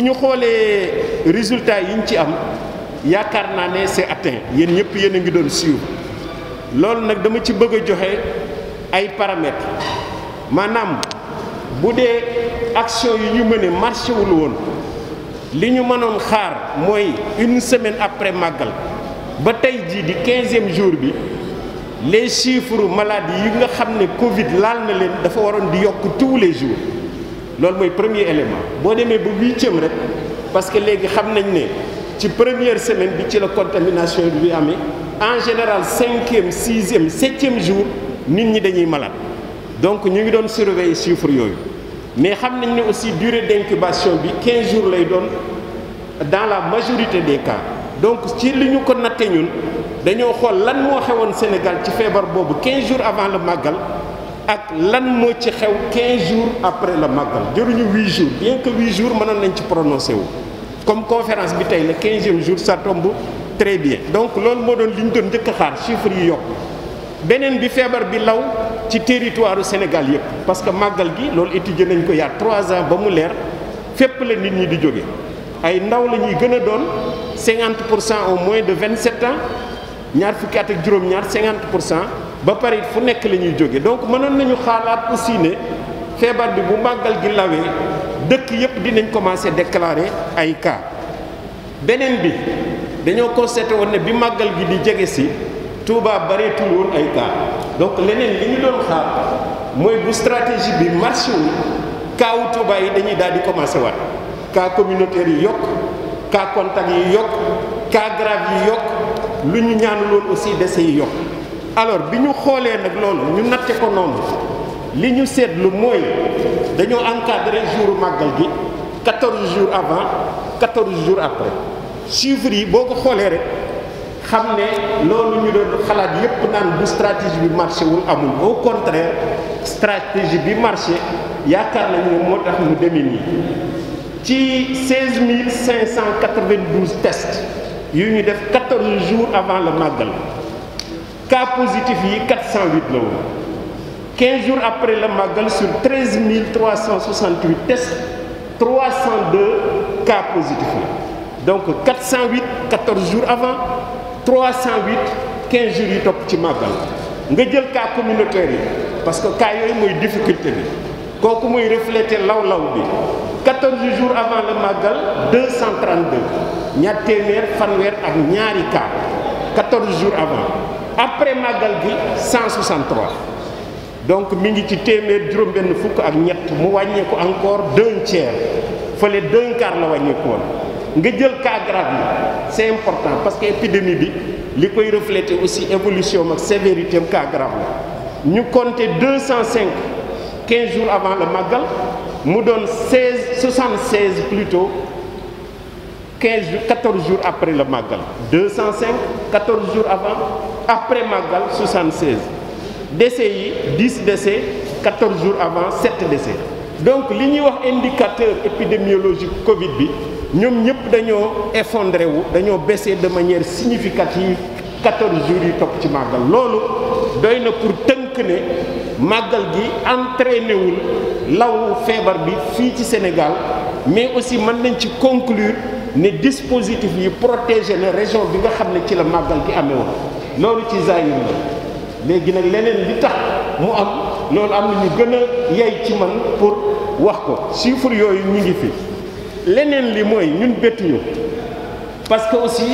bu ñu xoolee résultat yi ñu ci am yaakaar naa ne c'est atteint yéen ñëpp yéen a ngi doon suivre loolu nag dama ci bëgg a joxe ay paramètres maanaam bu dee action yi ñu mëne marché wul woon li ñu mënoon xaar mooy une semaine après màggal ba tey jii di quinzième jour bi les chiffres maladies yi nga xam ne Covid laal na leen dafa waroon di yokk tous les jours. loolu mooy premier élément boo demee ba huitième rek parce que léegi xam nañ ne ci première semaine bi ci la contamination bi amee en général cinquième sixième septième jour nit ñi dañuy malade donc ñu ngi doon surveiller chiffre yooyu mais xam nañ ne aussi durée d'incubation bi 15 jours lay doon dans la majorité des donc ci li ñu ko natte ñun dañoo xool lan moo xewoon Sénégal ci feebar boobu 15 jours avant le màggal ak lan moo ci xew 15 jours après le màggal jëruñu 8 jours bien que 8 jours mënoon nañ ci prononcé wu comme conférence bi tey le 15e jour ça tombe très bien donc loolu moo doon li ñu doon njëkk a xaar chiffres yi yokk beneen bi feebar bi law ci territoire Sénégal yëpp parce que màggal gi loolu étudier nañ ko yaa 3 ans ba mu leer fépp la nit ñi di jóge ay ndaw la ñuy gën a doon 50 pour cent au moins de 27 ans ñaar fukki at ak juróom-ñaar 50 pour cent. ba pare it fu nekk la ñuy jóge donc mënoon nañu xaalaat aussi ne feebar bi bu màggal gi lawee dëkk yëpp dinañ commencé déclarer ay cas beneen bi dañoo ko constaté woon ne bi màggal gi di jege si Touba bareetul woon ay cas donc leneen li ñu doon xaar mooy bu stratégie bi marché wu cas yi dañuy daal di commencé waat cas communautaire yi yokk cas contact yi yokk cas grave yi yokk lu ñu ñaanu loon aussi dese yi yokk alors bi ñu xoolee nag loolu ñu natte ko noonu li ñu seetlu mooy dañoo encadré jour màggal gi 14 jours avant 14 jours après chiffres yi boo ko xoolee rek xam ne loolu ñu doon xalaat yépp naan bu stratégie bi marché wul amul au contraire stratégie bi marché yaakaar nañu ne moo tax mu demee nii ci 16592 tests yu ñu def jour jours avant la màggal. cas positif yi 408 la woon 15 jours après le màggal sur 13 368 tests 302 cas positifs la donc 408 14 jours avant 308 15 jours yi topp ci màggal nga jël cas communautaire yi parce que cas yooyu mooy difficulté bi kooku mooy reflété law-law bi 14 jours avant le màggal 232 ñaar téeméer fanweer ak ñaari cas 14 jours avant. après màggal gi 163 donc mu ngi ci téeméer juróom-benn fukk ak ñett mu wàññeeku encore d'un tiers fële d'un quart la wàññeeku woon nga jël cas grave c'est important parce que épidémie bi li koy refléter aussi évolution ak sévérité am cas grave la ñu compter 205 15 jours avant la màggal mu doon 16 76 plutôt 15 jours 14 jours après la màggal 205 jours avant. après màggal 76 décès yi 10 décès 14 jours avant 7 décès donc li ñuy wax indicateur épidémiologique Covid bi ñoom ñëpp dañoo effondré wu dañoo baissé de manière significative yi jours yi topp ci màggal loolu doy na pour tënk ne màggal gi entraîné wul law feebar bi fii ci Sénégal mais aussi mën nañ ci conclure ne dispositif yi protégé na région bi nga xam ne ci la màggal gi amee woon. loolu ci zahir la léegi nag leneen li tax mu am loolu am na ñu gën a yey ci man pour wax ko chiffre yooyu ñu ngi fi leneen li mooy ñun bett ñu parce que aussi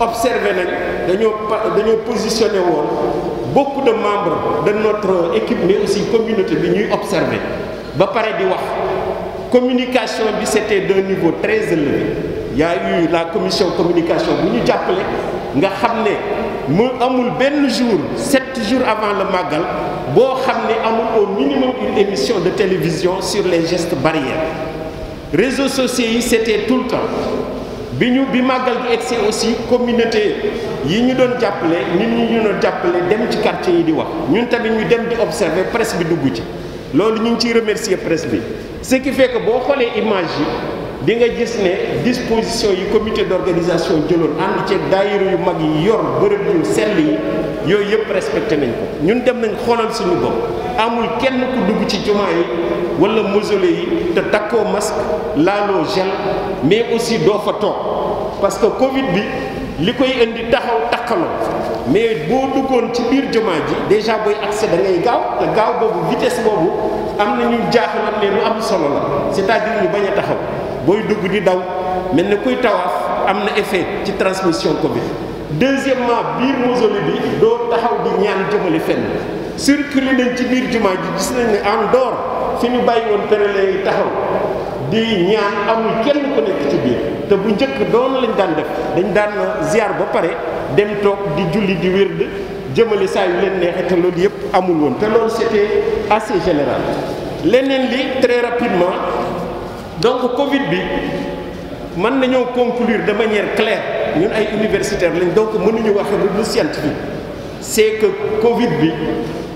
observé nañ dañoo dañoo positionné woon beaucoup de membres da notre équipe mais aussi communauté bi ñuy observé ba pare di wax communication bi c'était d'un niveau très élevé il y a la commission communication bu ñu jàppale nga xam ne mu amul benn jour sept jour avant le màggal boo xam ne amul au minimum une émission de télévision sur les gestes barrières réseaux sociaux yi c'était tout le temps bi ñu bi màggal gi egsi aussi communauté yi ñu doon jàppale nit ñu doon jàppale dem ci quartier yi di wax ñun tamit ñu dem di observer presse bi dugg ci loolu ñu ngi ciy remercier presse bi ce qui boo xoolee image yi di nga gis ne disposition yi comité d'organisation jëloon ànd ceeg daayira yu mag yi yor bërëb yu sell yi yooyu yëpp respecté nañ ko ñun dem nañ xoolal suñu bopp amul kenn ku dugg ci jumaa yi wala mausolée yi te takkoo masque laaloo gel mais aussi doo fa toog parce que Covid bi li koy indi taxaw takkaloo mais boo duggoon ci biir jumaa ji déjà booy accès da ngay gaaw te gaaw boobu vitesse boobu am na ñu jaaxaloon ne lu am solo la cest à ñu bañ a taxaw booy dugg di daw mel ne kuy tawaaf am na effet ci transmission bi deuxièmement biir mausolée bi doo taxaw di ñaan jëmale fenn li nañ ci biir jumaa ji gis nañ ne en dehors fi ñu bàyyi woon pérélé yi taxaw di ñaan amul kenn ku nekk ci biir te bu njëkk doon lañ daan def dañ daan ziar ba pare dem toog di julli di wérd jëmale saa yu leen neexee te loolu yëpp amul woon te loolu c'était assez général leneen li très rapidement donc Covid bi mën nañoo conclure de manière claire ñun ay universitaires lañ donc mënuñu waxe lu scientifique c'est que Covid bi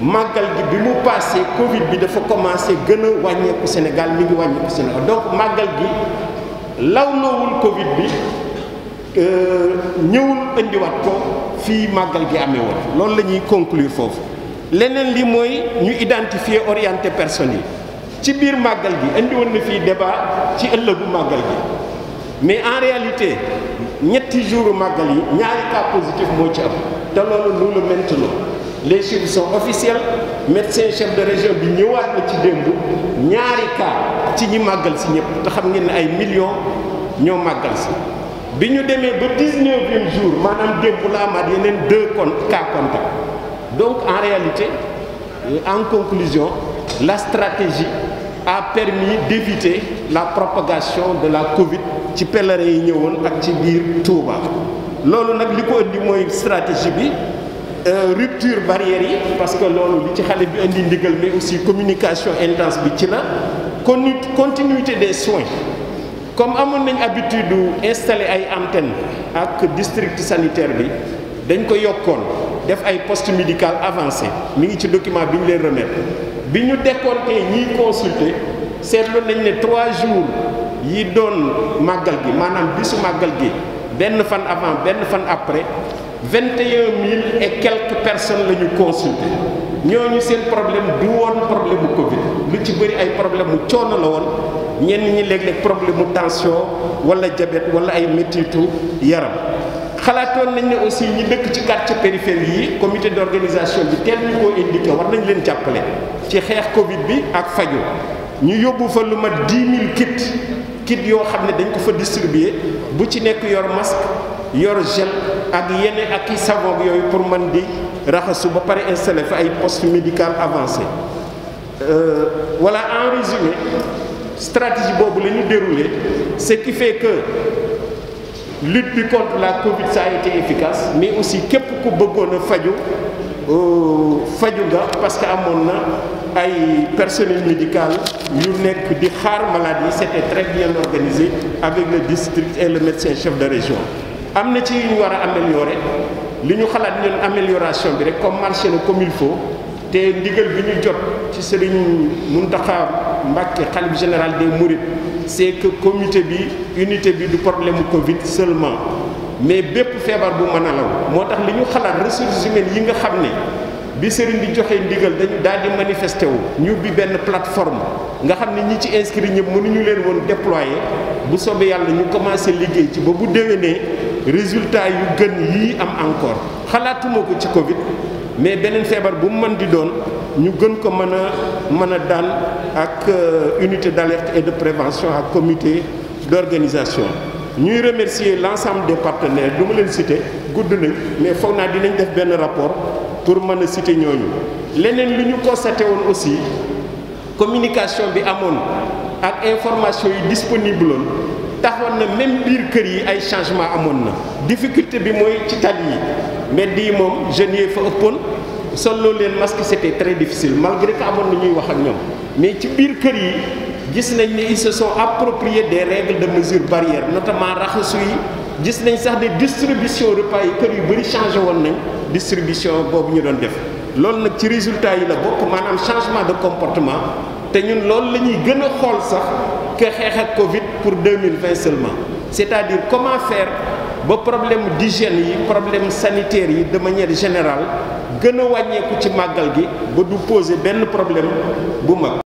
màggal gi bi mu passé Covid bi dafa commencé gën a wàññeeku Sénégal mi ngi wàññeeku Sénégal donc màggal gi lawloowul Covid bi. Euh, ñëwul indiwaat ko fii màggal gi amee woon loolu la ñuy conclure foofu leneen lii mooy ñu identifier orienté personnes yi ci biir màggal gi indi na fii débat ci ëllëgu màggal gi mais en réalité ñetti jours màggal yi ñaari cas positif moo ci am te loolu loolu maintenant les chiffres sont officiels médecin chef de région bi ñëwaat na ci démb ñaari cas ci ñi màggal si ñëpp te xam ngeen ne ay millions ñoo màggal si bi ñu demee ba dix-neuvième jour maanaam démb la at yeneen deux con cas contacts donc en réalité en conclusion la stratégie a permis d'éviter la propagation de la Covid ci pèlerin yi ñëwoon ak ci biir Touba loolu nag li ko indi mooy stratégie bi euh, rupture barrière yi parce que loolu li ci xale bi indi ndigal mais aussi communication intense bi ci la con continuité des soins comme amoon nañ habitude du installer ay antenne ak district sanitaire bi dañ ko yokkoon def ay poste médical avancé mi ngi ci document bi ñu leen remettre bi ñu décompté ñiy consulter seetlu nañ ne trois jours yi doon màggal gi maanaam bisu màggal gi benn fan avant benn fan après vingt et un mille et quelques personnes la ñu consulter ñooñu seen problème du woon problème bu Covid lu ci bëri ay problème mu coono la woon ñenn ñi léeg lekk problème mu tension wala jabet wala ay métitu yaram xalaatoon nañ ne aussi ñi dëkk ci quartier périphérie yi comité d'organisation bi teel ñu koo indiqué war nañ leen jàppale ci xeex covid bi ak faju ñu yóbbu fa lu mat 10 000 kit kit yoo xam ne dañ ko fa distribuer bu ci nekk yor masque yor gel ak yeneen ak i savon yooyu pour man di raxasu ba pare installé fa ay poste médical avancé Euh, voilà en résumé stratégie boobu lañu ñu déroulé ce qui fait que lutte bi contre la Covid ça a été efficace mais aussi képp ku bëggoon a faju euh, faju nga parce que amoon na ay personnel médical yu nekk di xaar malade yi c'était très bien organisé avec le district et le médecin chef de région am na ci yu ñu war a améliorer li ñu xalaat ñun amélioration bi rek comme marché na comme il faut te ndigal bi ñu jot ci sëriñ Mountakha Mbacké xalif général des Mourides c'est que comité bi unité bi du problème mu Covid seulement mais bépp feebar bu mën a law moo tax li ñu xalaat ressources humaines yi nga xam ne bi sëriñ bi joxee ndigal dañu daal di manifesté wu. ñu bi benn plateforme nga xam ne ñi ci inscrit ñëpp mënuñu leen woon déployé bu soobee yàlla ñu commencé liggéey ci ba bu déwénee résultat yu gën yi am encore xalaatuma ko ci Covid. mais beneen feebar bu mën di doon ñu gën ko mën a mën a daan ak euh, unité d'alerte et de prévention ak comité d'organisation ñuy remercier l'ensemble des partenaires du ma leen citer gudd nañ mais foog naa dinañ def benn rapport pour mën a citer ñooñu leneen li ñu constaté woon aussi communication bi amoon ak information yi disponible woon taxoon na même biir kër yi ay changement amoon na difficulté bi mooy ci tali yi mbedd yi moom jeunes yi fa ëppoon solo leen masque c'était très difficile malgré que amoon na ñuy wax ak ñoom mais ci biir kër yi gis nañ ne ils se sont appropriés des règles de mesure barrière notamment raxasu yi gis nañ sax des distribution repas yi kër yu bëri changé woon nañ distribution boobu ñu doon def loolu nag ci résultat yi la bokk maanaam changement de comportement te ñun loolu la ñuy gën a xool sax que xeex ak Covid pour 2020 seulement c'est-à-dire comment ba problème d'hygiène yi problème sanitaire yi de manière générale gën a wàññeeku ci màggal gi ba du poser benn problème bu mag